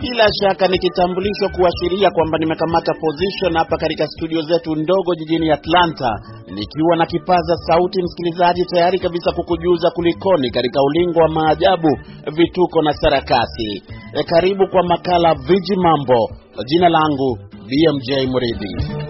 Bila shaka nikitambulishwa kuashiria kwamba nimekamata position hapa katika studio zetu ndogo jijini Atlanta, nikiwa na kipaza sauti msikilizaji, tayari kabisa kukujuza kulikoni katika ulingo wa maajabu, vituko na sarakasi. E, karibu kwa makala Viji Mambo. Jina langu BMJ muridhi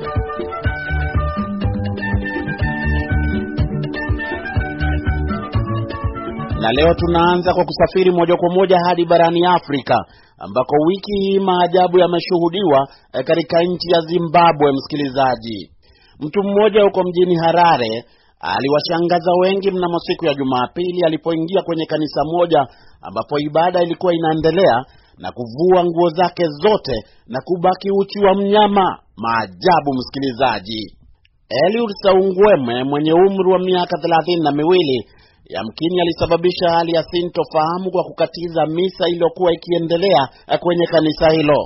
Na leo tunaanza kwa kusafiri moja kwa moja hadi barani Afrika ambako wiki hii maajabu yameshuhudiwa eh, katika nchi ya Zimbabwe. Msikilizaji, mtu mmoja huko mjini Harare eh, aliwashangaza wengi mnamo siku ya Jumapili alipoingia kwenye kanisa moja ambapo ibada ilikuwa inaendelea na kuvua nguo zake zote na kubaki uchi wa mnyama. Maajabu, msikilizaji. Eliud Saungweme mwenye umri wa miaka thelathini na miwili yamkini alisababisha hali ya sintofahamu kwa kukatiza misa iliyokuwa ikiendelea kwenye kanisa hilo.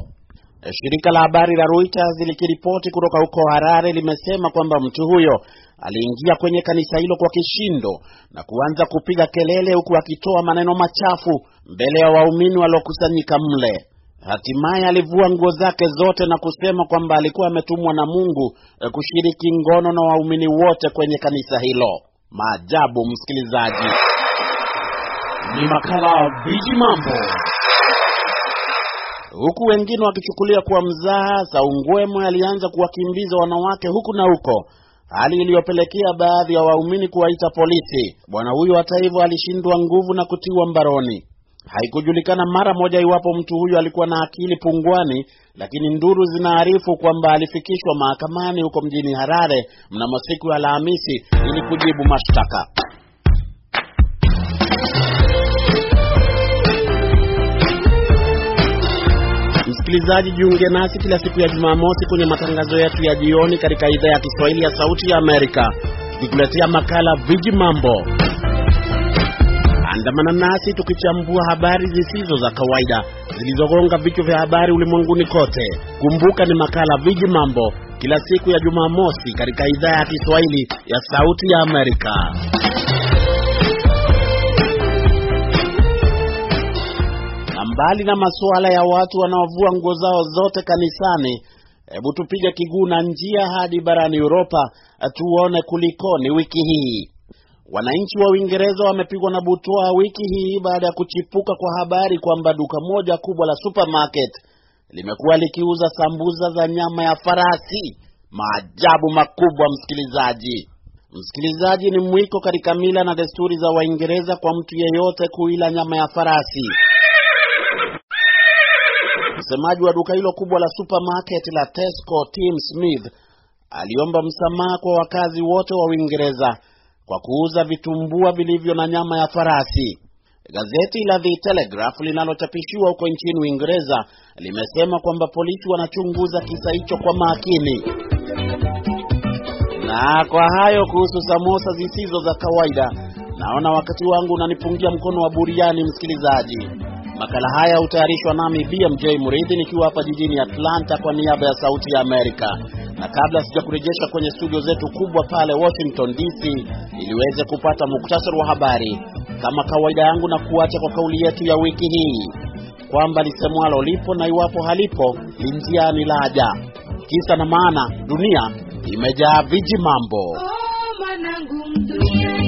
E, shirika la habari la Reuters likiripoti kutoka huko Harare limesema kwamba mtu huyo aliingia kwenye kanisa hilo kwa kishindo na kuanza kupiga kelele huku akitoa maneno machafu mbele ya waumini waliokusanyika mle. Hatimaye alivua nguo zake zote na kusema kwamba alikuwa ametumwa na Mungu e, kushiriki ngono na waumini wote kwenye kanisa hilo. Maajabu, msikilizaji, ni makala viji mambo, huku wengine wakichukulia kuwa mzaha. Saungwemwe alianza kuwakimbiza wanawake huku na huko, hali iliyopelekea baadhi ya waumini kuwaita polisi. Bwana huyo hata hivyo alishindwa nguvu na kutiwa mbaroni. Haikujulikana mara moja iwapo mtu huyo alikuwa na akili pungwani, lakini nduru zinaarifu kwamba alifikishwa mahakamani huko mjini Harare mnamo siku ya Alhamisi ili kujibu mashtaka. Msikilizaji, jiunge nasi kila siku ya Jumamosi kwenye matangazo yetu ya jioni katika idhaa ya Kiswahili ya Sauti ya Amerika, tukikuletea makala Viji Mambo andamana nasi tukichambua habari zisizo za kawaida zilizogonga vichwa vya habari ulimwenguni kote. Kumbuka ni makala Viji Mambo kila siku ya Jumamosi katika idhaa ya Kiswahili ya Sauti ya Amerika. Na mbali na masuala ya watu wanaovua nguo zao zote kanisani, hebu tupige kiguu na njia hadi barani Europa tuone kulikoni wiki hii. Wananchi wa Uingereza wamepigwa na butoa wiki hii baada ya kuchipuka kwa habari kwamba duka moja kubwa la supermarket limekuwa likiuza sambuza za nyama ya farasi. Maajabu makubwa, msikilizaji. Msikilizaji, ni mwiko katika mila na desturi za Waingereza kwa mtu yeyote kuila nyama ya farasi. Msemaji wa duka hilo kubwa la supermarket la Tesco, Tim Smith, aliomba msamaha kwa wakazi wote wa Uingereza kwa kuuza vitumbua vilivyo na nyama ya farasi. Gazeti la The Telegraph linalochapishiwa huko nchini Uingereza limesema kwamba polisi wanachunguza kisa hicho kwa makini. Na kwa hayo kuhusu samosa zisizo za kawaida, naona wakati wangu unanipungia mkono wa buriani, msikilizaji. Makala haya hutayarishwa nami BMJ Muridhi nikiwa hapa jijini Atlanta kwa niaba ya Sauti ya Amerika na kabla kurejesha kwenye studio zetu kubwa pale Washington DC iliweze kupata muktasari wa habari, kama kawaida yangu na kuacha kwa kauli yetu ya wiki hii kwamba lisemwalo lipo na iwapo halipo linjiani laja. Kisa na maana, dunia imejaa viji mambo. Oh,